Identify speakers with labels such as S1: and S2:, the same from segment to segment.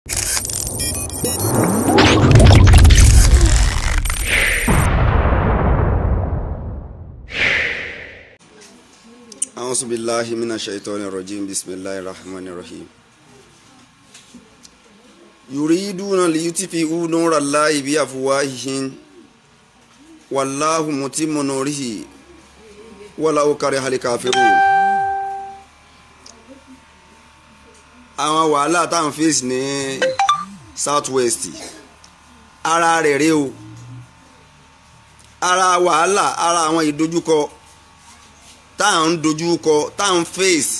S1: أعوذ بالله من الشيطان الرجيم بسم الله الرحمن الرحيم يريدون ليطفئوا نور الله بأفواههم والله متم نوره ولو كره الكافرون àwọn wàhálà tá à ń face ní south west ara rẹ̀ rẹ̀ o ara wàhálà ara àwọn ìdojúkọ tá à ń dojúkọ tá à ń face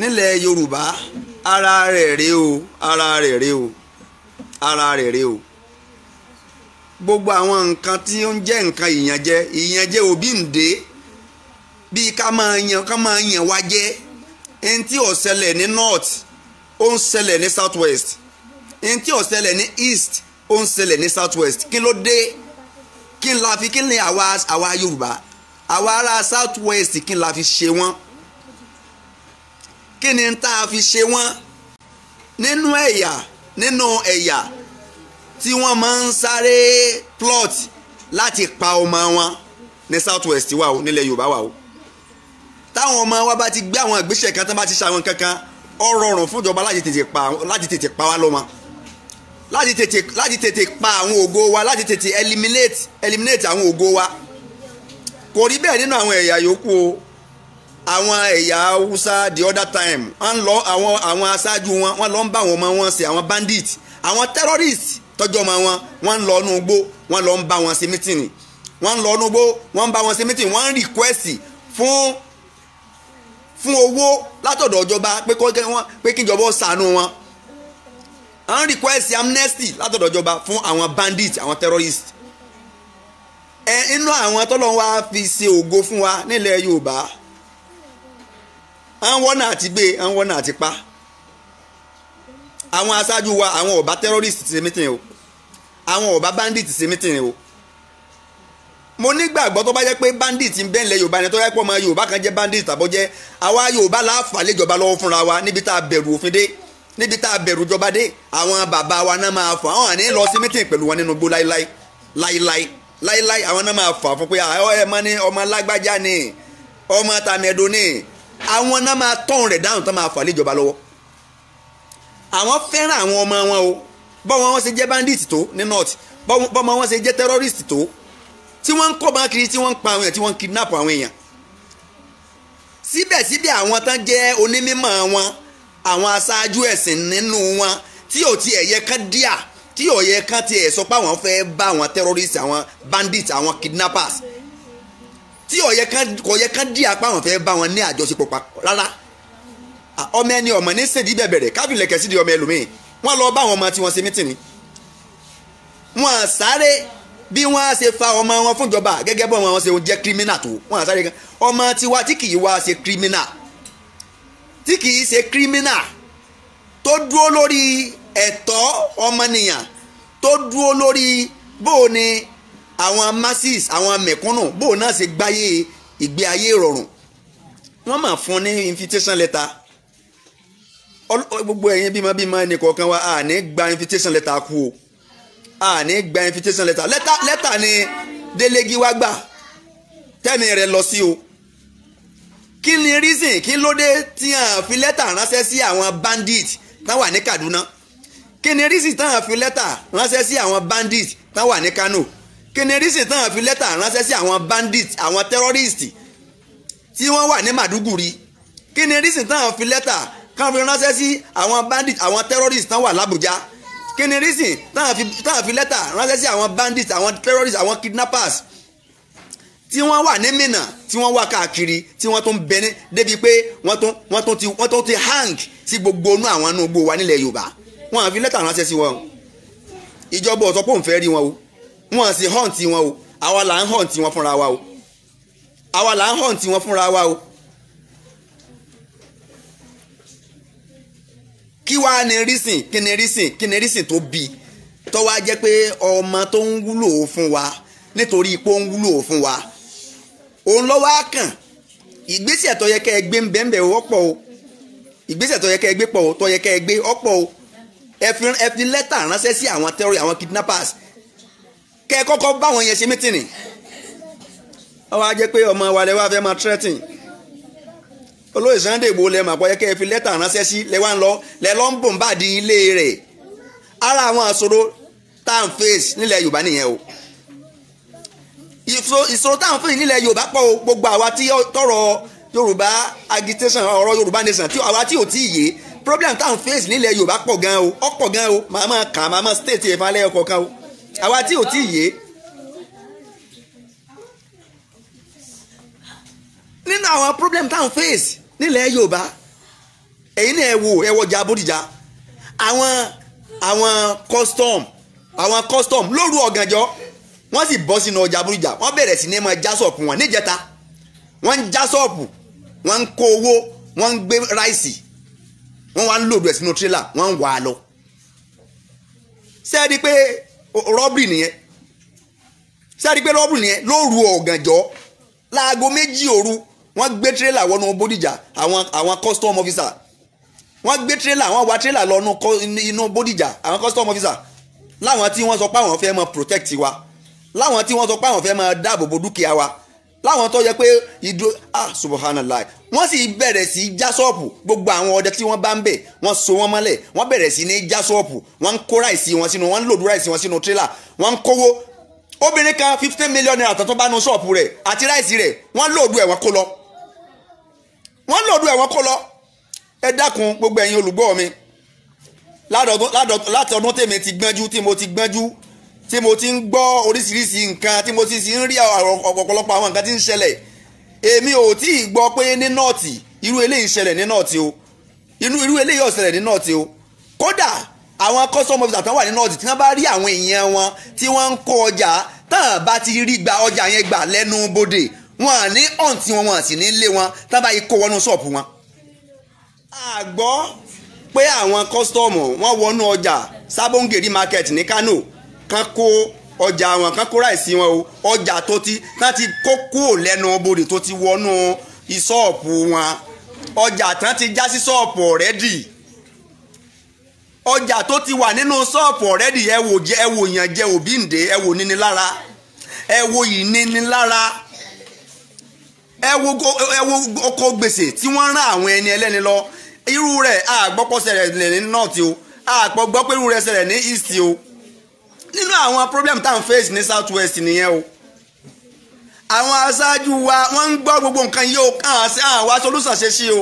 S1: nílẹ̀ yorùbá ara rẹ̀ rẹ̀ o ara rẹ̀ rẹ̀ o ara rẹ̀ rẹ̀ o gbogbo àwọn nǹkan tí ó ń jẹ́ nǹkan ìyànjẹ ìyànjẹ òbí ń dé bíi ká máa yàn ká máa yàn wá jẹ́ ntí ó ṣẹlẹ̀ ní north ó ń ṣẹlẹ̀ ní south west ntí ó ní east ó ń ṣẹlẹ̀ ní south west kí ló dé kí n la fi kí ni àwa àwa Yorùbá àwa ará south west kí n la ṣe wọ́n kí ni tá a fi ṣe wọ́n nínú ẹ̀yà nínú ẹ̀yà tí wọ́n máa ń sáré plot láti pa ọmọ wọn ní south west wà o nílẹ̀ Yorùbá wà o táwọn ọmọ wa bá ti gbé àwọn ìgbésẹ̀ kan tán bá ti ṣàwọn kankan ó rọrùn fún ìjọba láti tètè pa láti tètè pa wá lọ́mọ láti tètè láti tètè pa àwọn ògo wa láti tètè eliminate àwọn ògo wa kò rí bẹ́ẹ̀ nínú àwọn ẹ̀yà yòókù o àwọn ẹ̀yà haúsá the other time wọ́n lọ àwọn àwọn aṣáájú wọn wọ́n lọ ń bá àwọn ọmọ wọn ṣe àwọn bandit àwọn terrorist tọ́jú ọmọ wọn wọ́n ń lọ inú igbó wọ́n lọ ń bá wọn ṣe mítìnì wọ́n lọ inú igbó wọ́n ń bá wọn ṣe mítìnì wọ́n ń rìkwẹ́sì fún fún owó látọ̀dọ̀ ìjọba pé kọ́kẹ́ wọn pé kíjọba ó wọn à ń request amnesty látọ̀dọ̀ ìjọba fún àwọn bandits àwọn terrorists ẹ inú àwọn tọ́lọ́run wá fi ṣe ògo fún wa nílẹ̀ Yorùbá à ń wọ́nà àti gbé à ń wọ́nà àti pa àwọn aṣáájú wa àwọn ọba terrorists ti ṣe mítìn o àwọn ọba bandits ti ṣe mítìn o mo nígbàgbọ́ tó bá jẹ́ pé bandit ń bẹ́ńlẹ̀ yorùbá ni tó yẹ pé ọmọ yorùbá kan jẹ́ bandit tàbọ̀ jẹ́ àwa yorùbá láàfà léjọba lọ́wọ́ fúnra wa níbi tá a bẹ̀rù òfin dé níbi tá a bẹ̀rù jọba dé àwọn bàbá wa náà máa fọ àwọn àní lọ sí mítìn pẹ̀lú wọn nínú gbó láíláí láíláí láíláí àwọn náà máa fà fún pé àwọn ẹ̀ mọ́ ni ọmọ lágbájá ni ọmọ tàmẹ̀dọ́ ni àwọn náà máa tọ́n rẹ̀ dáhùn tó máa fà léjọba lọ́wọ́ wọn o bandit tó ní north bọ́mọ wọn jẹ́ terrorist tó tí wọ́n ń kó bá kiri tí wọ́n ń pa àwọn èèyàn tí wọ́n ń kidnap àwọn èèyàn síbẹ̀síbẹ̀ àwọn tán jẹ́ onímọ̀ wọn àwọn aṣáájú ẹ̀sìn nínú wọn tí ò tiẹ̀ yẹ kán díà tí ò yẹ kán tiẹ̀ sọ pé àwọn fẹ́ bá àwọn terrorists àwọn bandits àwọn kidnappers tí ò yẹ kán kò yẹ kán díà pé àwọn fẹ́ bá wọn ní àjọṣepọ̀ papọ̀ rárá ọmọ ẹni ọmọ ní sèdí bẹ̀bẹ̀rẹ̀ káfíńlẹ̀kẹ̀ sídìí ọmọ ẹlòmíì wọ́n lọ bá àwọn ọmọ tí ṣe mítìnì wọ́n sáré bí wọ́n á ṣe fa ọmọ wọn fún ìjọba gẹ́gẹ́ bọ́ wọn ṣe jẹ́ kírímínà tó wọ́n á sáré kan ọmọ tiwa tí kì í wá ṣe kírímínà tí kì í ṣe kírímínà tó dúró lórí ẹ̀tọ́ ọmọnìyàn tó dúró lórí bóò ni àwọn masses àwọn mẹ̀kúnnù bóò náà ṣe gbáyé ìgbé ayé ìrọ̀rùn wọ́n máa fún ní invitation letter gbogbo ẹ̀yin bímọ bímọ ẹnì kọ̀ọ̀kan wa àní gba invitation letter kú o àní gba invitation letter letter letter ni délégi wá gbà tẹ́mi rẹ̀ lọ sí o kí ni reason kí ló dé tí a fi lẹ́tà ránṣẹ́ sí àwọn bandit tán wà ní Kaduna kí ni reason tán fi lẹ́tà ránṣẹ́ sí àwọn bandit tán wà ní Kano kí ni reason tán fi lẹ́tà ránṣẹ́ sí àwọn bandit àwọn terrorist tí wọ́n wà ní Maduguri kí ni reason tán fi lẹ́tà kan fi ránṣẹ́ sí àwọn bandit àwọn terrorist tán wà l'Abuja kí ni reason táwọn fi lẹ́tà ránṣẹ́ sí àwọn bandits àwọn terrorists àwọn kidnappers tí wọ́n wà ní Mínà tí wọ́n wà káàkiri tí wọ́n tún bẹ ní débi pé wọ́n tún wọ́n tún ti wọ́n tún ti hang sí gbogbo inú àwọn inú gbogbo wa nílẹ̀ Yorùbá wọ́n àfi lẹ́tà ránṣẹ́ sí wọn ìjọba ọ̀sọ́ pò ń fẹ́ rí wọn o wọ́n sì hunt wọn o àwa là ń hunt wọn fúnra wa o àwa là ń hunt wọn fúnra wa o kí wàá ní rísìn kí ní rísìn kí ní rísìn tó tó wá ọmọ tó ń wúlò wa nítorí ipò ń wúlò fún wa òun lọ́wọ́ á kàn ìgbésẹ̀ tó yẹ ẹ gbé o ìgbésẹ̀ tó yẹ kẹ́ ẹ gbé pọ̀ o tó yẹ kẹ́ ẹ gbé ọ̀pọ̀ o ẹ fi lẹ́tà ránṣẹ́ sí àwọn tẹ́rọ àwọn kidnappers kẹ́ ẹ kọ́kọ́ bá mitini. yẹn ṣe ọmọ wa lẹ́wọ́ afẹ́ máa olóyè Sunday Igboho lẹ́mọ̀ àpọ̀yẹ́ kẹ́ ẹ fi lẹ́tà ránṣẹ́ sí lẹ́wà ń lọ lẹ́lọ́ ń bòǹbà di ilé rẹ̀ ara àwọn àṣòro tá à ń face nílẹ̀ Yorùbá nìyẹn o ìṣòro tá à ń face nílẹ̀ Yorùbá pọ̀ gbogbo àwa tí tọrọ Yorùbá agitation ọ̀rọ̀ Yorùbá nation tí àwa tí ò tí ì yé problem tá face nílẹ̀ Yorùbá pọ̀ gan o ọ̀pọ̀ gan o màá máa kà màá máa state ìfalẹ́ ọkọ̀ kan o àwa tí ò tí ì yé nínú àwọn problem tá face nílẹ̀ Yorùbá ẹ̀yin náà ẹ wò ẹ wọjà Bódìjà àwọn àwọn custom àwọn custom lóru ọ̀gànjọ́ wọ́n sì bọ́ sínú ọjà Bódìjà wọ́n bẹ̀rẹ̀ sí ní máa já ṣọ́ọ̀pù wọn níjẹta wọ́n ń já ṣọ́ọ̀pù wọ́n ń kó owó wọ́n ń gbé ráìsì wọ́n wá ń lòdù ẹ̀ sínú tírélà wọ́n ń wà á lọ. sẹ́ẹ̀dí pé rọ́bìrì nìyẹn sẹ́ẹ̀dí pé rọ́bìrì nìyẹn lóru ọ̀gànjọ́ láago méjì òru wọ́n gbé tírélà wọnú bódìjà àwọn àwọn custom officer wọ́n gbé tírélà wọ́n wa tírélà lọ inú bódìjà àwọn custom officer láwọn tí wọ́n sọ pé àwọn fẹ́ máa protect wa láwọn tí wọ́n sọ pé àwọn fẹ́ máa dáàbò bo dúkìá wa láwọn tó yẹ pé ìdó ah subhanallah wọ́n sì bẹ̀rẹ̀ sí í já ṣọ́ọ̀pù gbogbo àwọn ọdẹ tí wọ́n bá ń bẹ̀ wọ́n so wọ́n mọ́lẹ̀ wọ́n bẹ̀rẹ̀ sí ní já ṣọ́ọ̀pù wọ́n ń kó ráìsì wọn sínú wọ́n ń lòdù ráìsì wọn sínú tírélà wọ́n ń kówó obìnrin kan fifteen million naira tó tún bá nu ṣọ́ọ̀pù rẹ̀ àti ráìsì rẹ̀ wọ́n lòdù ẹ̀ kó lọ wọ́n lòdù ẹ̀wọ̀n kó lọ ẹ dákun gbogbo ẹ̀yin olùgbọ́ mi látọdún tèmi ti gbọ́njú tí mo ti gbọ́njú tí mo ti ń gbọ́ oríṣiríṣi nǹkan tí mo ti ń rí ọ̀pọ̀lọpọ̀ àwọn nǹkan tí ń ṣẹlẹ̀ èmi ò tí ì gbọ́ pé ní nọ́ọ̀tì irú eléyìí ṣẹlẹ̀ ní nọ́ọ̀tì o inú irú eléyìí ò ṣẹlẹ̀ ní nọ́ọ̀tì o kódà àwọn custom officer tán wà ní nọ́ọ̀tì tí wọ́n bá rí àwọn èèyàn wọn tí wọ́n ń kó ọjà tán bá ti rí gba ọjà yẹn gbà lẹ́nu bodè wọn à ní ọ̀ǹtì wọn wọn à sì ní lé wọn tá bá yìí kó wọnú ṣọ́ọ̀pù wọn. àgbọ́ pé àwọn kọ́sítọ́ọ̀mù wọn wọnú ọjà sábóńgèrè market ní Kano kan kó ọjà wọn kan kó ráìsì wọn o ọjà tó ti tán ti kó kúrò lẹ́nu bodè tó ti wọnú ìṣọ́ọ̀pù wọn ọjà tán ti já sí ṣọ́ọ̀pù ọ̀rẹ́dì ọjà tó ti wà nínú ṣọ́ọ̀pù ọ̀rẹ́dì ẹ wò yàn jẹ òbí ǹdẹ ẹ wò nínilára ẹ wò yìí nínilára ẹ wo ọkọ̀ gbèsè tí wọ́n rán àwọn ẹni ẹlẹ́ni lọ irú rẹ̀ àgbọ́pọ̀ ṣẹlẹ̀ ní north o àpọ̀ gbọ́ pé irú rẹ̀ ṣẹlẹ̀ ní east o nínú àwọn problem tá à ń face ní south west nìyẹn o àwọn aṣáájú wa wọ́n ń gbọ́ gbogbo nǹkan yìí o àwọn wa solution ṣe sí o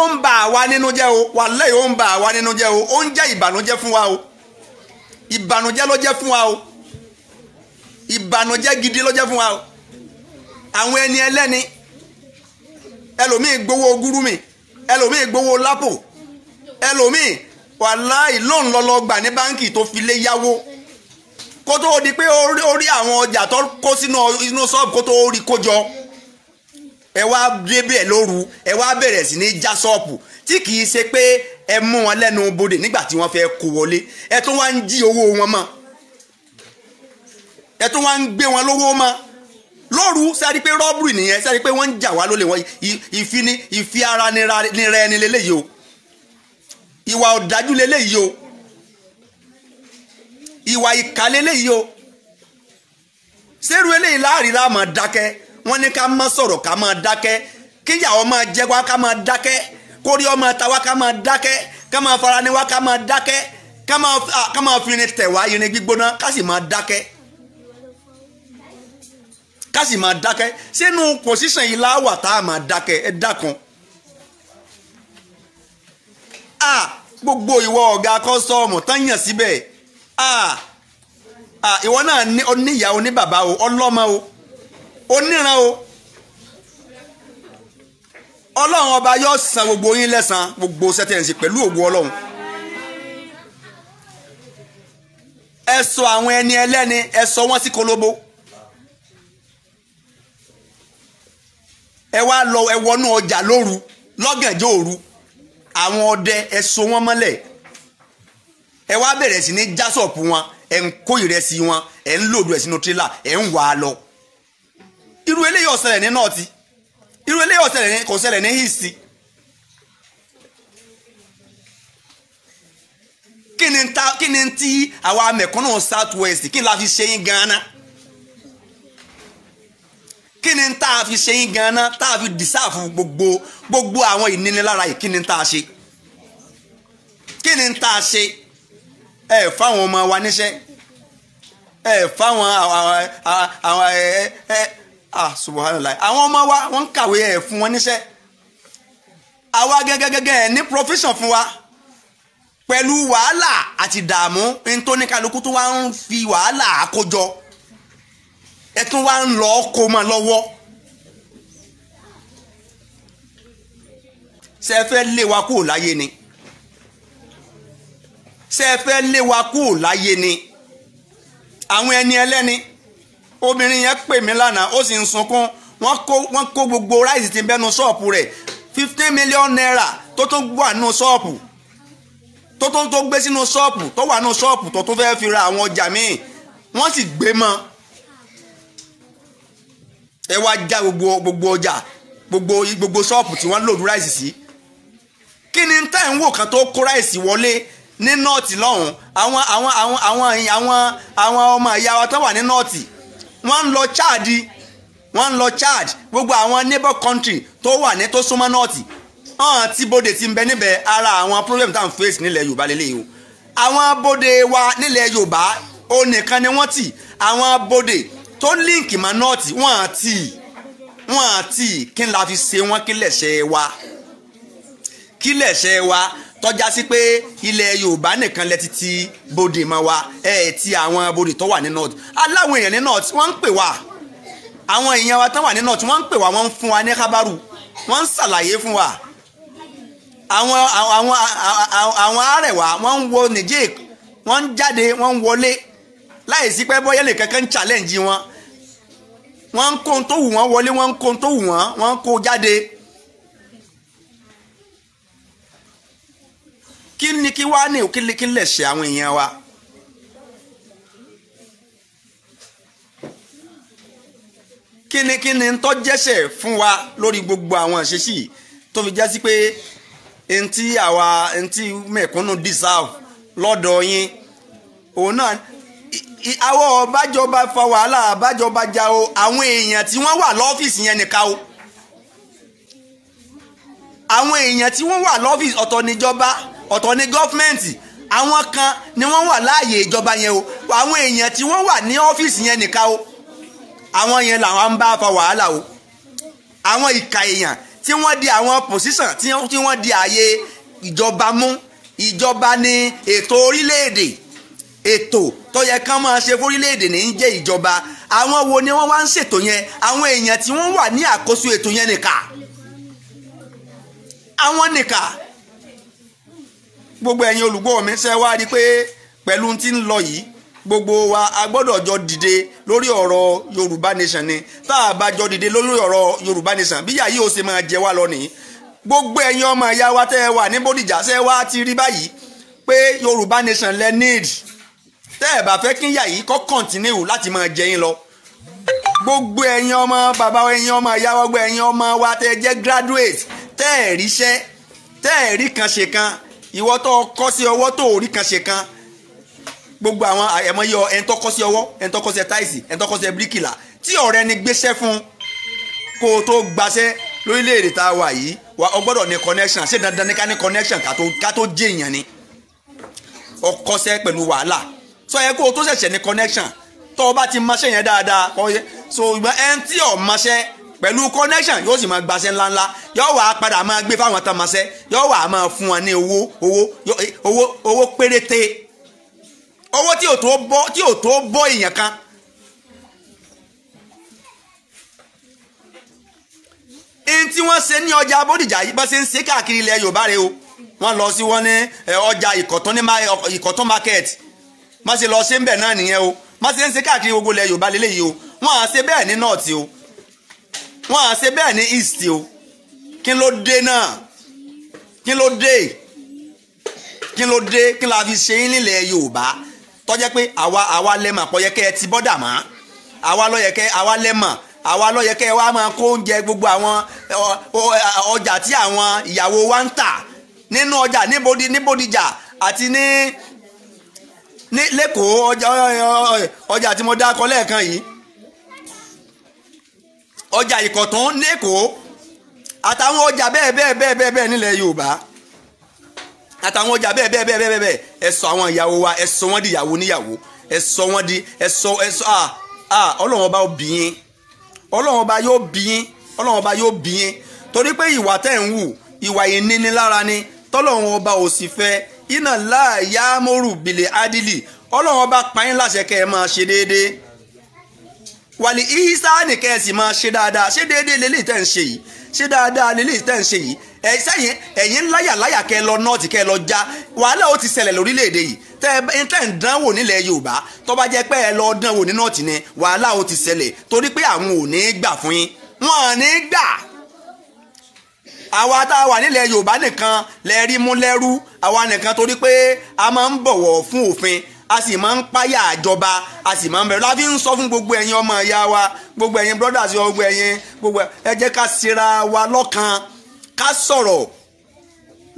S1: ó ń bà wá nínú jẹ́ o wàláhì ó ń bà wá nínú jẹ́ o ó ń jẹ́ ìbànújẹ́ fún wa o ìbànújẹ́ ló jẹ́ fún wa o ìbànújẹ́ gidi ló jẹ́ fún wa o àwọn ẹni ẹlẹ́ni ẹlòmíì gbowó gúrúmì ẹlòmíì gbowó lápò ẹlòmíì wàláì lóun lọlọ gbà ní báńkì tó fi lé yáwó kó tó di pé ó rí àwọn ọjà tó kó sínú inú ṣọ́ọ̀bù kó tó rí kó jọ ẹ wá débẹ̀ lóru ẹ wá bẹ̀rẹ̀ sí ní já ṣọ́ọ̀bù tí kì í ṣe pé ẹ mú wọn lẹ́nu bodè nígbà tí wọ́n fẹ́ kó wọlé ẹ tún wá ń jí owó wọn mọ́ ẹ tún wá ń gbé wọn lówó mọ́ lóru sẹ́ni pé rọ́bùrì nìyẹn sẹ́ni pé wọ́n ń jà wá lólè wọn ìfini ìfi ara nira ẹni lélẹ́yìí o ìwà ọ̀dájú lélẹ́yìí o ìwà ìkà lélẹ́yìí o sẹ́rù eléyìí láàrin la máa dákẹ́ wọ́n ní ká má sọ̀rọ̀ ká máa dákẹ́ kíyà ọmọ jẹ wá ká máa dákẹ́ kórí ọmọ ta wá ká máa dákẹ́ ká máa farani wá ká máa dákẹ́ ká máa fi irin tẹ̀ wá irin gbígbóná ká sì máa dákẹ́ ká sì máa dákẹ́ sínú pòsíṣàn yìí láwà tá a máa dákẹ́ ẹ dákun. a gbogbo ìwọ ọ̀gá kọ́sọ́ọ̀mù tán yàn síbẹ̀ a a ìwọ náà oníyà oníbàbá o ọlọ́mọ o oníran o ọlọ́run ọba yóò san gbogbo yín lẹ́san gbogbo sẹ́tẹ̀ǹsì pẹ̀lú ògo ọlọ́run. ẹ sọ àwọn ẹni ẹlẹ́ni ẹ sọ wọ́n sí kolobo. ẹ wá lọ ẹ wọnú ọjà lóru lọ́gànjọ́ òru àwọn ọdẹ ẹ so wọ́n mọ́lẹ̀ ẹ wá bẹ̀rẹ̀ sí ní jásọ̀pù wọn ẹ ń kó ìrẹsì wọn ẹ ń lòdù ẹ sínú tírélà ẹ ń wà á lọ irú eléyìí ò ṣẹlẹ̀ ní nọ́ọ̀tì irú eléyìí ò ṣẹlẹ̀ kò ṣẹlẹ̀ ní hìsì kí ni ti àwa mẹ̀kúnnù south west kí ni la fi ṣe yín gan-an kí ni tá a fi ṣe yín ganan tá a fi dìsáàfù gbogbo gbogbo àwọn ìnínilára yìí kí ni tá a ṣe kí ni tá a ṣe ẹ fáwọn ọmọ wa níṣẹ́ ẹ fáwọn àwọn ẹ ẹ ah subhanallah àwọn ọmọ wa wọ́n ń kàwé ẹ fún wọn níṣẹ́ àwa gẹ́gẹ́gẹ́gẹ́ ẹ ní profession fún wa pẹ̀lú wàhálà àti ìdààmú ntọ́nikálukú tó wá ń fi wàhálà àkójọ ẹ tún wá ń lọ kó máa lọ́wọ́ ṣe ẹ fẹ́ lé wa kúrò láyé ni ṣe ẹ fẹ́ lé wa kúrò láyé ni àwọn ẹni ẹlẹ́ni obìnrin yẹn pè mí lánàá ó sì ń sunkún wọ́n kó wọ́n kó gbogbo ráìsì tí bẹ́nu ṣọ́ọ̀pù rẹ̀ fifteen million naira tó tún wà nínú ṣọ́ọ̀pù tó tún tó gbé sínú ṣọ́ọ̀pù tó wà nínú ṣọ́ọ̀pù tó tún fẹ́ fi ra àwọn ọjà míì wọ́n sì gbé mọ́ ọ ẹ wá já gbogbo gbogbo ọjà gbogbo gbogbo ṣọ́ọ̀pù tí wọ́n lòdù ráìsì sí kí ni tẹ́ ń wò kan tó kó ráìsì wọlé ní nọ́ọ̀tì lọ́hùn àwọn àwọn àwọn àwọn àwọn àwọn ọmọ ìyá wa tó wà ní nọ́ọ̀tì wọ́n ń lọ Chad wọ́n ń lọ Chad gbogbo àwọn neighbor country tó wà ní tó súnmọ́ nọ́ọ̀tì hàn tí bóde ti ń bẹ níbẹ̀ ara àwọn problem tá à ń face nílẹ̀ Yorùbá lélẹ́yìí o àwọn bóde wa nílẹ̀ Yorùbá ó nìkan ni wọ́n tì àwọn bóde tó líǹkì mọ́ nọ́ọ̀tì wọ́n àti wọ́n àti kí n la fi ṣe wọ́n kí lẹ̀ṣẹ̀ wa kí lẹ̀ṣẹ̀ wa tọ́já sí pé ilẹ̀ Yorùbá nìkan lẹ ti ti bodè mọ́ wa ẹ̀ eh, ti àwọn bodè tó wà ní nọ́ọ̀tì aláwọ̀ èèyàn ní nọ́ọ̀tì wọ́n ń pè wá àwọn èèyàn wa tán wà ní nọ́ọ̀tì wọ́n ń pè wá wọ́n ń fún wa ní kábàrù wọ́n ń ṣàlàyé fún wa àwọn àwọn àwọn arẹwà wọ́n ń wọ nìjẹ́ wọ́n ń jáde wọ́n ń wọlé láì sí pé bọ́yẹ́lì kankan ń challenge wọn wọ́n ń kó ohun tó wù wọ́n wọlé wọ́n ń kó tó wù wọ́n wọ́n ń kó jáde. kí ni kí wá ní kí lè ṣe àwọn èèyàn wa. kí ni kí ni ń tọ́ jẹ́sẹ̀ fún wa lórí gbogbo àwọn àṣeṣì tó fi jásí pé ntí àwa ntí mẹ̀kúnnù deserve lọ́dọ̀ yín òun náà àwọn ọbàjọba fa wàhálà àbájọba jà o àwọn èèyàn tí wọ́n wà lọ́fíìsì yẹn nìkan o àwọn èèyàn tí wọ́n wà lọ́fíìsì ọ̀tọ̀ níjọba ọ̀tọ̀ ní gọ́fmẹ̀ntì àwọn kan ni wọ́n wà láàyè ìjọba yẹn o àwọn èèyàn tí wọ́n wà ní ọ́fíìsì yẹn nìkan o àwọn yẹn làwọn ń bá fa wàhálà o àwọn ìka èèyàn tí wọ́n di àwọn pòsíṣàn tí wọ́n di ààyè ìjọba mú ìjọba ni ètò orílẹ̀-èdè ètò tó yẹ kán máa ṣe fórílẹ̀-èdè ní í jẹ́ ìjọba àwọn wo ni wọ́n wá ń ṣètò yẹn àwọn èèyàn tí wọ́n wà ní àkóso ètò yẹn nìkà àwọn nìkà gbogbo ẹ̀yin olùgbọ́ mi ṣe wá rí i pé pẹ̀lú ti ń lọ yìí gbogbo wa a gbọ́dọ̀ jọ dìde lórí ọ̀rọ̀ Yorùbá nation ni tá a bá jọ dìde lórí ọ̀rọ̀ Yorùbá nation bíyà yìí ó ṣe máa jẹ wá lọ nìyí gbogbo ẹ̀yin ọmọ ìyá wa tẹ́ ẹ wà ní Bódìjà ṣe wá ti rí báyìí pé Yorùbá nation lẹ need tẹ́ ẹ̀ bá fẹ́ kí ìyá yìí kọ́ kọ́ntínú láti máa jẹ yín lọ gbogbo ẹ̀yin ọmọ bàbá ẹ̀yin ọmọ ìyá gbogbo ẹ̀yin ọmọ wa tẹ́ ẹ jẹ́ graduate tẹ́ ẹ̀ ríṣẹ́ tẹ́ ẹ̀ rí kan ṣe kan ìwọ tó kọ́ sí ọwọ́ tó rí kan ṣe kan gbogbo àwọn ẹ̀mọ yọ ẹni tó kọ́ sí ọwọ́ ẹni tó kọ́ sí táìsì ẹni tó kọ́ sí bíríkìlà tí ọ̀rẹ́ ni gbéṣẹ́ fún kó o tó gbaṣẹ́ lórílẹ̀‐èdè tá a wà yìí wa ọ gbọ́dọ̀ ní connection ṣé dandan ní ká ní connection ká tó jẹ́ èèyàn ni ọkọ́ṣẹ́ pẹ̀lú wàhálà So yẹ kó o tó ṣẹ̀ṣẹ̀ ní connection tó o bá ti mọṣẹ́ yẹn dáadáa kọ́ yẹ so ìgbà ẹn tí ò mọṣẹ́ pẹ̀lú connection yóò sì máa gbaṣẹ́ ńláńlá yóò wá padà máa gbé fáwọn tán mọṣẹ́ yóò wá máa fún wọn ní owó owó owó owó péréte owó tí ò tó bọ́ tí ò tó bọ́ èèyàn kan n tí wọ́n ṣe ní ọjà Bódìjà yìí bá ṣe ń ṣe káàkiri ilẹ̀ Yorùbá rẹ o wọ́n lọ sí wọn ní ọjà Ìkọ̀tún ní Ìkọ̀tún market má ṣe lọ ṣe ń bẹ̀ náà nìyẹn o má ṣe ń ṣe káàkiri gbogbo ilẹ̀ Yorùbá lélẹ́yìí o wọ́n á ṣe bẹ́ẹ̀ ní north o wọ́n á ṣe bẹ́ẹ̀ ní east o kí ló dé náà kí ló dé kí ló dé kí la fi ṣe yín nílẹ̀ Yorùbá tó jẹ́ pé àwa àwa lẹ́mọ̀ pọ̀ yẹ kẹ́ ẹ ti bọ́dà mọ́ àwa lọ́yẹ kẹ́ àwa lẹ́mọ̀ àwa lọ́yẹ kẹ́ ẹ wá máa kó oúnjẹ gbogbo àwọn ọjà tí àwọn ìyàwó wa ń tà nínú ọjà ní Bódìjà àti ní lẹ́kọ̀ọ́ ọjà ọjà tí mo dákọ lẹ́ẹ̀kan yìí ọjà ìkọ̀tún lẹ́kọ̀ọ́ àtàwọn ọjà bẹ́ẹ̀ bẹ́ẹ̀ bẹ́ẹ̀ bẹ́ẹ̀ bẹ́ẹ̀ nílẹ̀ yorùbá àtàwọn ọjà bẹ́ẹ̀ bẹ́ẹ̀ bẹ́ẹ̀ bẹ́ẹ̀ bẹ́ẹ̀ ẹ sọ àwọn ìyàwó wa ẹ sọ wọ́n di ìyàwó níyàwó ẹ sọ wọ́n di ẹ sọ ẹ sọ à à ọlọ́run ọba yóò bí yín ọlọ́run ọba yóò bí yín ọlọ́run ọba yóò bí yín torí pé ìwà tẹ̀ ń wù ìwà ìnínilára ni tọ́lọ́run ọba ò sì fẹ́ iná láàyà mórù bìlẹ̀ adìlì ọlọ́run ọba pààyàn láṣẹ kẹ́ ẹ máa ṣe déédéé wàlí ìsáàní kẹ́ ẹ sì máa ṣe dáadáa ṣe déédéé lélẹ́yìí tẹ́ ń ṣe yìí ṣe dáadáa lélẹ́yìí tẹ́ ń ṣe yìí ẹ sẹ́yìn ẹ̀yin láyà láyà kẹ́ ẹ lọ nọ́ọ̀tì kẹ́ ẹ lọ já wàhálà ó ti ṣẹlẹ̀ lórílẹ̀‐èdè yìí tẹ́ ẹ tẹ́ ń dánwò nílẹ̀ yorùbá tó jẹ́ pé ẹ lọ dánwò ní nọ́ọ̀tì ni wàhálà ó ti ṣẹlẹ̀ torí pé àwọn ò ní gbà fún yín wọn ò ní gbà àwa tá a wà nílẹ̀ yorùbá nìkan lẹ rí mú lẹ́rú àwa nìkan torí pé a máa ń bọ̀wọ̀ fún òfin a sì máa ń páyà àjọba a sì máa ń bẹ̀rù fi ń sọ fún gbogbo ẹ̀yin ọmọ ìyá wa gbogbo ẹ̀yin brothers wa gbogbo ẹ̀yin gbogbo ẹ jẹ́ ká ṣera wa lọ́kan ká sọ̀rọ̀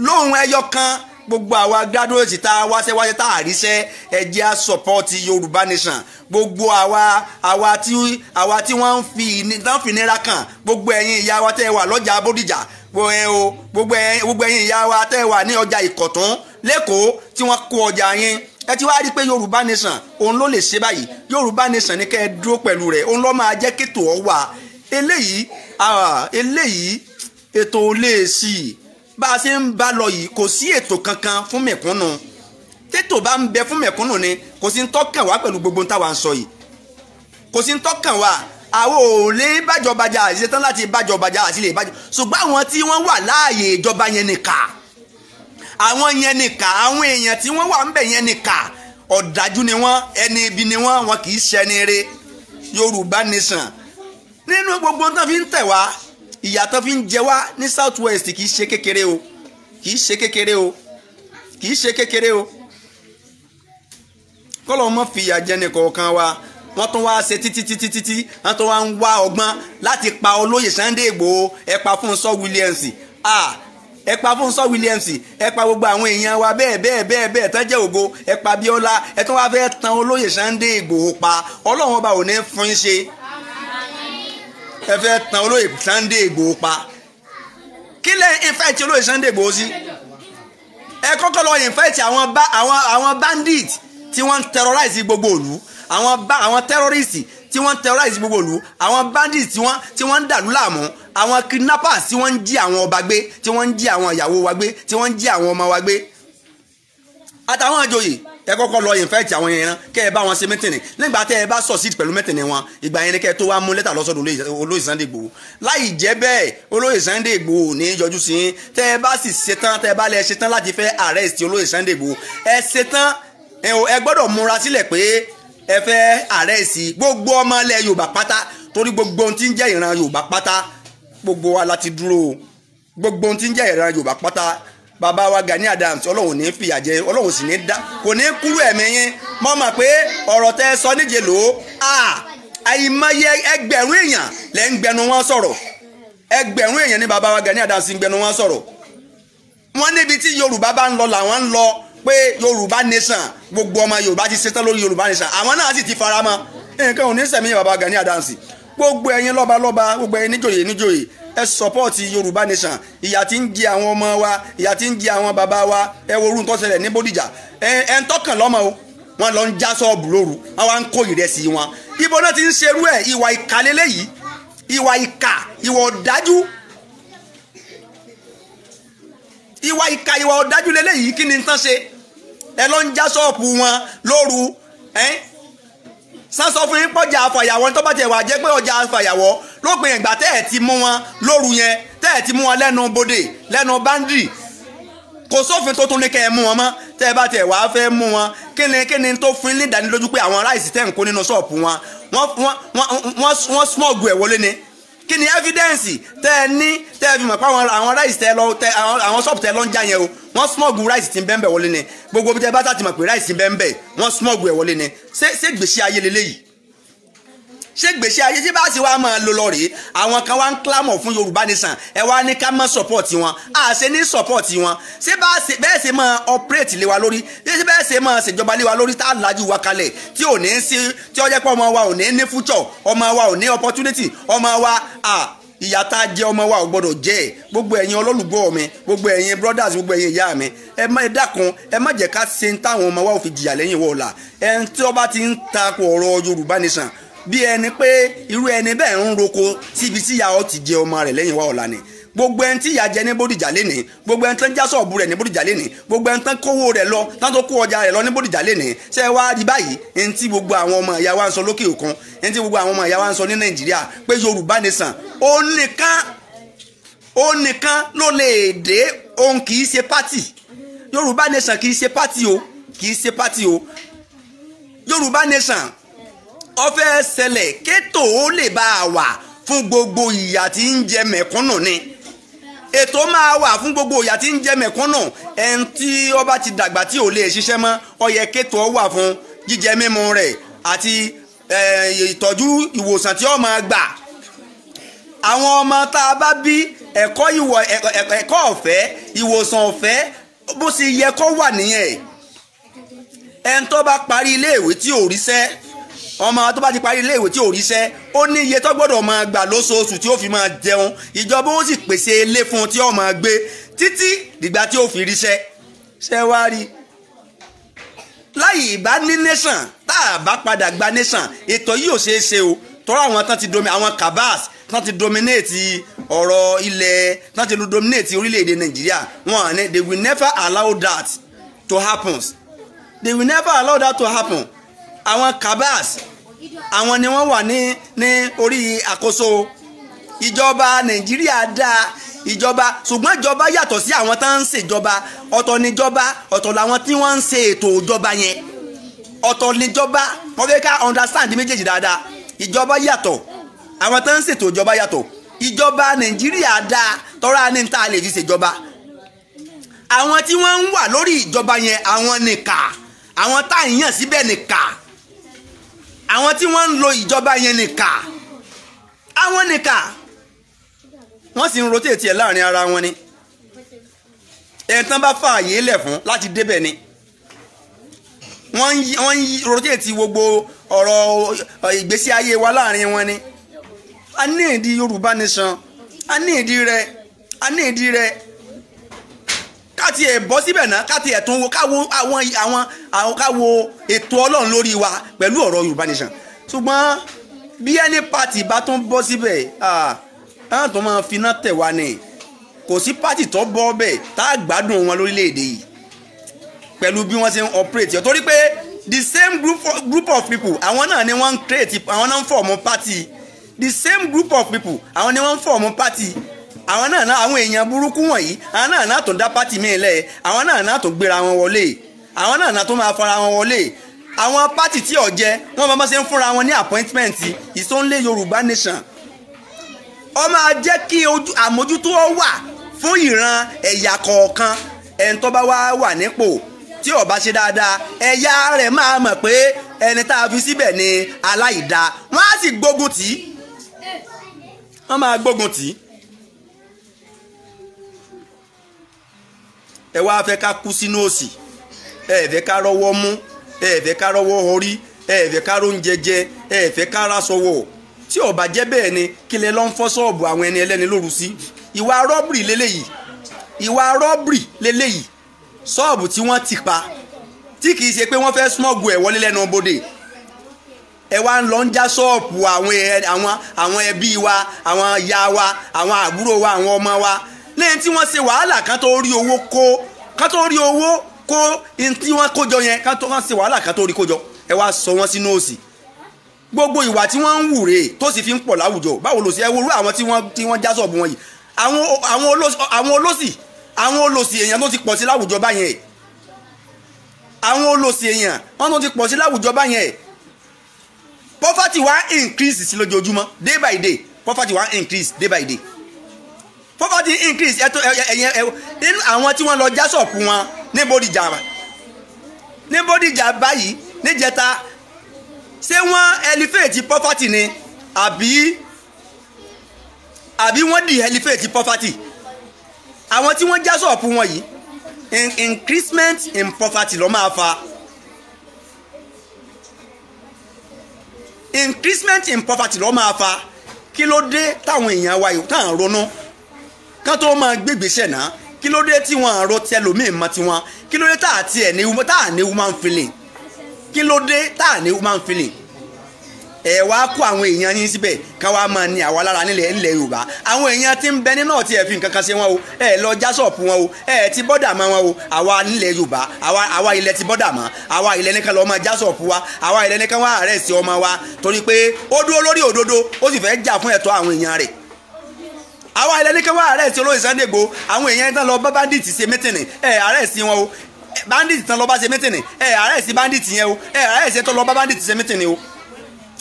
S1: lóhùn ẹyọ kan gbogbo àwa graduate tá a wáṣẹ́ wáṣẹ́ tá a ríṣẹ́ ẹ jẹ́ a support yorùbá nation gbogbo àwa àwa tí àwa tí wọ́n ń fi tán fi nira kàn gbogbo ẹ̀yin ìyá wa tẹ́ ẹ wà lọ́jà bódìjà gbogbo ẹ̀yin ìyá wa tẹ́ ẹ wà ní ọjà ìkọ̀tún lẹ́kọ̀ọ́ tí wọ́n kó ọjà yín ẹ ti wá rí i pé yorùbá nation òun ló lè ṣe báyìí yorùbá nation ni kẹ́ ẹ dúró pẹ̀lú rẹ̀ òun ló máa jẹ́ kétò ọ wà eléyìí eléyìí ètò ò sí i bá a ṣe ń bá lọ yìí kò sí ètò kankan fún mẹ̀kúnnù tètò bá ń bẹ fún mẹ̀kúnnù ni kò sí ń tọ́kàn wá pẹ̀lú gbogbo táwa ń sọ yìí kò sí ń tọ́kàn wá àwọn ò lè bájọba jà àti ṣetán láti bájọba jà àti lè bájọba ṣùgbọ́n àwọn tí wọ́n wà láàyè ìjọba yẹn nìkà àwọn yẹn nìkà àwọn èèyàn tí wọ́n wà ń bẹ̀ yẹn nìkà ọ̀dájú ni wọ́n ẹni ibi ni wọ́n wọn kì í ṣẹni re Yorùbá nation nínú gbogbo tán fi ń tẹ̀ wá ìyàtọ̀ fi ń jẹ wá ní south west kì í ṣe kékeré o kì í ṣe kékeré o kì í ṣe kékeré o kọ́lọ̀ mọ́ fìyà jẹni kọ̀ọ̀kan wa wọ́n tún wá ṣe títí títí títí wọ́n tún wá ń wá ọgbọ́n láti pa olóyè Sunday Igboho ẹ pa Fúnṣọ́ Williams ah ẹ pa Fúnṣọ́ Williams ẹ pa gbogbo àwọn èèyàn wa bẹ́ẹ̀ bẹ́ẹ̀ bẹ́ẹ̀ bẹ́ẹ̀ tán jẹ́ ògo ẹ pa Bíọ́lá ẹ tún wá fẹ́ tan olóyè Sunday Igboho pa ọlọ́run ọba ò ní fún ṣe ẹ fẹ́ tan olóyè Sunday Igboho pa kí lẹ́ ìfẹ́ẹ̀tì olóyè Sunday Igboho sí ẹ kọ́kọ́ lọ ìfẹ́ẹ̀tì àwọn àwọn àwọn bandit tí wọ́n ń terrorize gbogbo ìlú àwọn àwọn terrorist tí wọ́n ń terrorize gbogbo ìlú àwọn bandit tí wọ́n tí wọ́n ń dàlú láàmú àwọn kidnappers tí wọ́n ń jí àwọn ọba gbé tí wọ́n ń jí àwọn ìyàwó wa gbé tí wọ́n ń jí àwọn ọmọ wa gbé àtàwọn àjòyè ẹ kọ́kọ́ lọ invite àwọn yẹn kẹ́ ẹ bá wọn ṣe mẹ́tìnì nígbà tẹ́ ẹ bá succeed pẹ̀lú mẹ́tìnì wọn ìgbà yẹn ni kẹ́ ẹ tó wá mú lẹ́tà lọ́sọ̀dọ̀ olóyè Sunday Igboho láì jẹ́ bẹ́ẹ̀ olóyè Sunday Igboho ní yọjú sí yín tẹ́ ẹ bá sì ṣetán tẹ́ ẹ bá lẹ ṣetán láti fẹ́ arrest olóyè Sunday Igboho ẹ ṣetán ẹ gbọ́dọ̀ múra sílẹ̀ pé ẹ fẹ́ arrest gbogbo ọmọ ilẹ̀ Yorùbá pátá torí gbogbo ohun tí ń jẹ́ ìran Yorùbá pátá gbogbo wa láti dúró gbogbo ohun tí ń jẹ́ ìran Yorùbá pátá bàbá wa Gani Adams ọlọ́run ní fìyà jẹ ọlọ́run sì ní dá kò ní kúrú ẹ̀mí yín mọ́ mà pé ọ̀rọ̀ tẹ sọ níje lò ó àìmọye ẹgbẹ̀rún èèyàn lẹ́ ń gbẹnu wọn sọ̀rọ̀ ẹgbẹ̀rún èèyàn ní bàbá wa Gani Adams ń gbẹnu wọn sọ̀rọ̀ wọn níbi tí Yorùbá bá ń lọ làwọn ń lọ pé Yorùbá nation gbogbo ọmọ Yorùbá ti ṣetán lórí Yorùbá nation àwọn náà sì ti faramọ́ nǹkan ò ní sẹ̀mí bàbá Gani Adams gbogbo ẹ̀yin lọ́balọ́ba gbogbo ẹ̀yin níjòyè níjòyè ẹ sọpọ́ọ̀tì yorùbá nation ìyà tí ń jẹ àwọn ọmọ wa ìyà tí ń jẹ àwọn bàbá wa ẹ wo orúkọ ṣẹlẹ̀ ní bódìjà ẹ ń tọkàn lọ́mọ o wọ́n lọ ń já sọ́ọ̀bù lóru wọ́n wá ń kó ìrẹsì wọn ibo náà ti ń ṣerú ẹ̀ ìwà ìkà lélẹ́yìí ìwà ìkà ìwà ọ̀dájú ìwà ìkà ìwà ọ̀dájú lélẹ́yìí kí ni tán ṣe ẹ lọ ń já sọ́ọ̀bù wọn lóru ẹ́ sásọ fún yín pọ́jà afàyàwọ́ ní tó bá tiẹ̀ wà jẹ́ pé ọjà afàyàwọ́ lópin ìgbà tẹ́ ẹ̀ ti mú wọn lóru yẹn tẹ́ ẹ̀ ti mú wọn lẹ́nu bodè lẹ́nu báńdì kò sófin tó tún ní kẹ́ ẹ mú wọn mọ́ tẹ́ ẹ bá tiẹ̀ wàá fẹ́ mú wọn kí ni kí ni tó fún ní ìdánilójú pé àwọn ráìsì tẹ́ ń kó nínú ṣọ́ọ̀pù wọn wọ́n smọ́ọ̀gù ẹ̀ wọlé ni kí ni evidence tẹ ẹ ní tẹ ẹ fi mọ̀ pé àwọn àwọn rice tẹ ẹ lọ tẹ àwọn shop tẹ ẹ lọ ń já yẹn o wọ́n smọ́ọ̀gù rice ti ń bẹ́ẹ̀ bẹ́ẹ̀ wọlé ni gbogbo bí tẹ bá tà ti mọ̀ pé rice ń bẹ́ẹ̀ bẹ́ẹ̀ wọ́n smọ́ọ̀gù ẹ̀ wọlé ni ṣé ṣé gbèsè ayé lélẹ́yìí ṣé gbèsè ayé tí bá sì wá máa lò lọ rèé àwọn kan wá ń clamor fún Yorùbá nation ẹ wá ní ká má support wọn à ṣe ní support wọn ṣé bẹ́ẹ̀ ṣe máa operate lé wa lórí ṣé bẹ́ẹ̀ ṣe máa ṣèjọba lé wa lórí tá a lajú wa kalẹ̀ tí ò ní sí tí ó jẹ́ pé ọmọ wa ò ní ní future ọmọ wa ò ní opportunity ọmọ wa à ìyá tá a jẹ ọmọ wa ò gbọdọ̀ jẹ ẹ gbogbo ẹ̀yin olólùgbọ́ mi gbogbo ẹ̀yin brothers gbogbo ẹ̀yin ìyá mi ẹ má ẹ dákun ẹ má jẹ́ ká ṣe táwọn ọmọ wa ò fi jìyà lẹ́yìn wọ̀ọ̀la ẹ tí wọ́n bá ti ń takò ọ̀rọ̀ Yorùbá nation bí ẹni pé irú ẹni bẹ́ẹ̀ ń roko síbi tí ìyá ọ ti jẹ ọmọ rẹ̀ lẹ́yìn wa ọ̀la ni gbogbo ẹni tí ìyà jẹ ní bódìjà lénìí gbogbo ẹni tán já sọ̀bù rẹ̀ ní bódìjà lénìí gbogbo ẹni tán kówó rẹ̀ lọ tán tó kó ọjà rẹ̀ lọ ní bódìjà lénìí ṣé wàá rí báyìí ẹni tí gbogbo àwọn ọmọ ìyá wa ń sọ lókè òkun ẹni tí gbogbo àwọn ọmọ ìyá wa ń sọ ní nàìjíríà pé yorùbá nation òun nìkan ló lè dé òun kì í ṣe pátì yorùbá nation kì í ṣe pátì o kì í ṣe pátì o yorùbá nation ó fẹ́ ṣẹlẹ̀ kétò ó lè bá a wà fún gbogbo ìyà tí ń jẹ mẹ̀kúnnù ni ètò máa wà fún gbogbo ìyà tí ń jẹ mẹ̀kúnnù ẹni tí ó ti dàgbà tí ò lè ṣiṣẹ́ mọ́ ó yẹ kétò ó wà fún jíjẹ mímu rẹ̀ àti ìtọ́jú ìwòsàn tí ó máa gbà àwọn ọmọ tá a bá bí ẹ̀kọ́ ìwọ ìwòsàn ọ̀fẹ́ bó ṣe yẹ kó wà nìyẹn ẹni tó bá parí iléèwé tí ò ríṣẹ́ ọmọ tó bá ti parí ilé ìwé tí ò ríṣẹ́ ó ní iye tó gbọ́dọ̀ máa gbà lóṣooṣù tí ó fi máa jẹun ìjọba ó sì pèsè ilé fún un tí ó máa gbé títí dìgbà tí ó fi ríṣẹ́ ṣe wá rí láì ìbá ní nation tá a bá padà gba nation ètò yìí ò ṣeé ṣe o tọ́rọ àwọn tán ti domi àwọn kabas tán ti dominate ọ̀rọ̀ ilẹ̀ tán ti dominate orílẹ̀-èdè nàìjíríà wọn àní they will never allow that to happen they will never allow that to happen àwọn kabas àwọn ni wọ́n wà ní ní orí àkóso ìjọba nàìjíríà dáa ìjọba ṣùgbọ́n ìjọba yàtọ̀ sí àwọn tó ń ṣèjọba ọ̀tọ̀ níjọba ọ̀tọ̀ làwọn tí wọ́n ń ṣe ètò ìjọba yẹn ọ̀tọ̀ níjọba wọ́n fẹ́ ká understand méjèèjì dáadáa ìjọba yàtọ̀ àwọn tó ń ṣètò ìjọba yàtọ̀ ìjọba nàìjíríà dáa tọ́ra ní ta lè fi ṣèjọba àwọn tí wọ́n ń wà lórí ìjọba yẹn àwọn nìkà àwọn táyìyàn síbẹ̀ nìkà àwọn tí wọ́n ń lo ìjọba yẹn nìkà àwọn nìkà wọ́n sì ń rotate ẹ̀ láàrin ara wọn ni ẹ̀ẹ̀tàn bá fààyè lẹ̀ fún láti débẹ̀ ni wọ́n ń rotate gbogbo ọ̀rọ̀ ìgbésí ayé wa láàrin wọn ni a ní ìdí Yorùbá nation a ní ìdí rẹ a ní ìdí rẹ káti ẹ̀ bọ́ síbẹ̀ náà káti ẹ̀ tún wo káwo àwọn àwọn àwọn káwo ètò ọlọ́run lórí wa pẹ̀lú ọ̀rọ̀ yorùbá nation ṣùgbọ́n bí ẹni pàtì bá tún bọ́ síbẹ̀ àwọn tó máa finá tẹ̀ wá ni kò sí pàtì tó bọ́ bẹ̀ tá a gbádùn wọn lórílẹ̀‐èdè yìí pẹ̀lú bí wọ́n ṣe ń operate torí pé the same group of, group of people àwọn náà ni wọ́n ń create àwọn náà ń fọ̀mù party the same group of people àwọn ni wọ́n ń fọ̀mù party àwọn náà náà àwọn èèyàn burúkú wọ̀nyí àwọn náà náà tó ń dá pátì míì lẹ̀ àwọn náà náà tó gbéra wọn wọlé àwọn náà náà tó máa fara wọn wọlé àwọn pátì tí ò jẹ wọn bá bá ṣe ń fúnra wọn ní appointment ìsọ̀nlé Yorùbá Nation ó máa jẹ́ kí àmójútó wà fún ìran ẹ̀yà kọ̀ọ̀kan ẹni tó bá wá wà nípò tí ó bá ṣe dáadáa ẹ̀yà rẹ̀ máa mọ̀ pé ẹni tá a fi síbẹ̀ ni aláìda wọ́n á sì gbógun tì í wọ́n máa gbógun tì í. ẹ wá fẹ́ ká kú sínú òṣì ẹ fẹ́ ká rọ́wọ́ mú ẹ fẹ́ ká rọ́wọ́ orí ẹ fẹ́ ká róúnjẹ jẹ ẹ fẹ́ ká raṣọ wọ̀ tí ó bá jẹ́ bẹ́ẹ̀ ni kí lẹ lọ ń fọ́ ṣọ́ọ̀bù àwọn ẹni ẹlẹ́ni lóru sí ìwà rọ́bìrì lélẹ́yìí ìwà rọ́bìrì lélẹ́yìí ṣọ́ọ̀bù tí wọ́n ti pa tí kì í ṣe pé wọ́n fẹ́ smọ́gù ẹ̀ wọlé lẹ́nu bodè ẹ wá ń lọ ń já ṣọ́ọ̀bù àwọn ẹbí wa àwọn ìyá wa àwọn àbúrò wa àwọn ọmọ wa lẹ́yìn tí wọ́n ṣe wàhálà kan tó rí owó kó kan tó rí owó kó tí wọ́n kójọ yẹn kan tó ṣe wàhálà kan tó rí kójọ ẹ wá sọ wọ́n sínú òsì gbogbo ìwà tí wọ́n ń wù rèé tó sì fi ń pọ̀ láwùjọ báwo lò sí ẹ wúrú àwọn tí wọ́n já sọ̀bù wọn yìí àwọn olóṣì àwọn olòṣì èèyàn tó ti pọ̀ sí láwùjọ báyẹn àwọn olòṣì èèyàn wọ́n tó ti pọ̀ sí láwùjọ báyẹn poverty wa increase sí lójoojúmọ́ day by day poverty wa increase day by day poverty increase ẹ̀tọ́ ẹ̀yẹ ẹ̀wọ̀ nínú àwọn tí wọ́n lọ já sọ̀kù wọn ní Bódìjà ní Bódìjà báyìí níjẹta ṣé wọ́n elevate poverty ni àbí àbí wọ́n di elephant poverty àwọn tí wọ́n já sọ̀kù wọn yìí increasement in poverty ló máa fa increasement in poverty ló máa fa kí ló dé táwọn èèyàn wa yìí táwọn ronú ká tó máa gbégbèsè náà kí ló dé tí wọn àrò tẹlòmíín mọ tiwọn kí ló dé tá àti ẹ ní tá à ní woman feeling kí ló dé tá à ní woman feeling ẹ wá kó àwọn èèyàn yín síbẹ̀ ká wá máa ní àwa lára nílẹ̀ nílẹ̀ yorùbá àwọn èèyàn ti ń bẹ nínú ọ̀tí ẹ̀fín kankan ṣe wọn o ẹ lọ já ṣọ̀pù wọn o ẹ ti bọ́dà mọ́ wọn o àwa nílẹ̀ yorùbá àwa àwa ti bọ́dà mọ́ àwa ilẹ̀ nìkan lọ́ọ́ máa já ṣọ̀pù wa àwa ilẹ̀ nìkan wá àárẹ̀ sí ọmọ wa torí pé ó dúró lórí òdodo ó sì fẹ́ jà fún ẹ̀tọ́ àwọn èèyàn rẹ̀ àwa ilẹ̀ ní kí wọ́n arrest olóyè Sunday Igboho àwọn èèyàn tán lọ bá bandit ṣe mítìnì ẹ̀ arrest wọn o bandit tán lọ bá ṣe mítìnì ẹ̀ arrest bandit yẹn o ẹ̀ arrest tán lọ bá bandit ṣe mítìnì o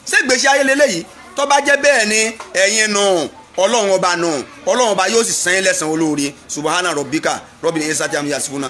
S1: ṣé gbèsè ayé leléyìí tó bá jẹ́ bẹ́ẹ̀ ni ẹ̀yin nù ọlọ́run ọba nù ọlọ́run ọba yóò sì san yín lẹ́san olóore subahana rọ̀bíkà rọ̀bìnrin ẹ̀sà tí a mú yasifuna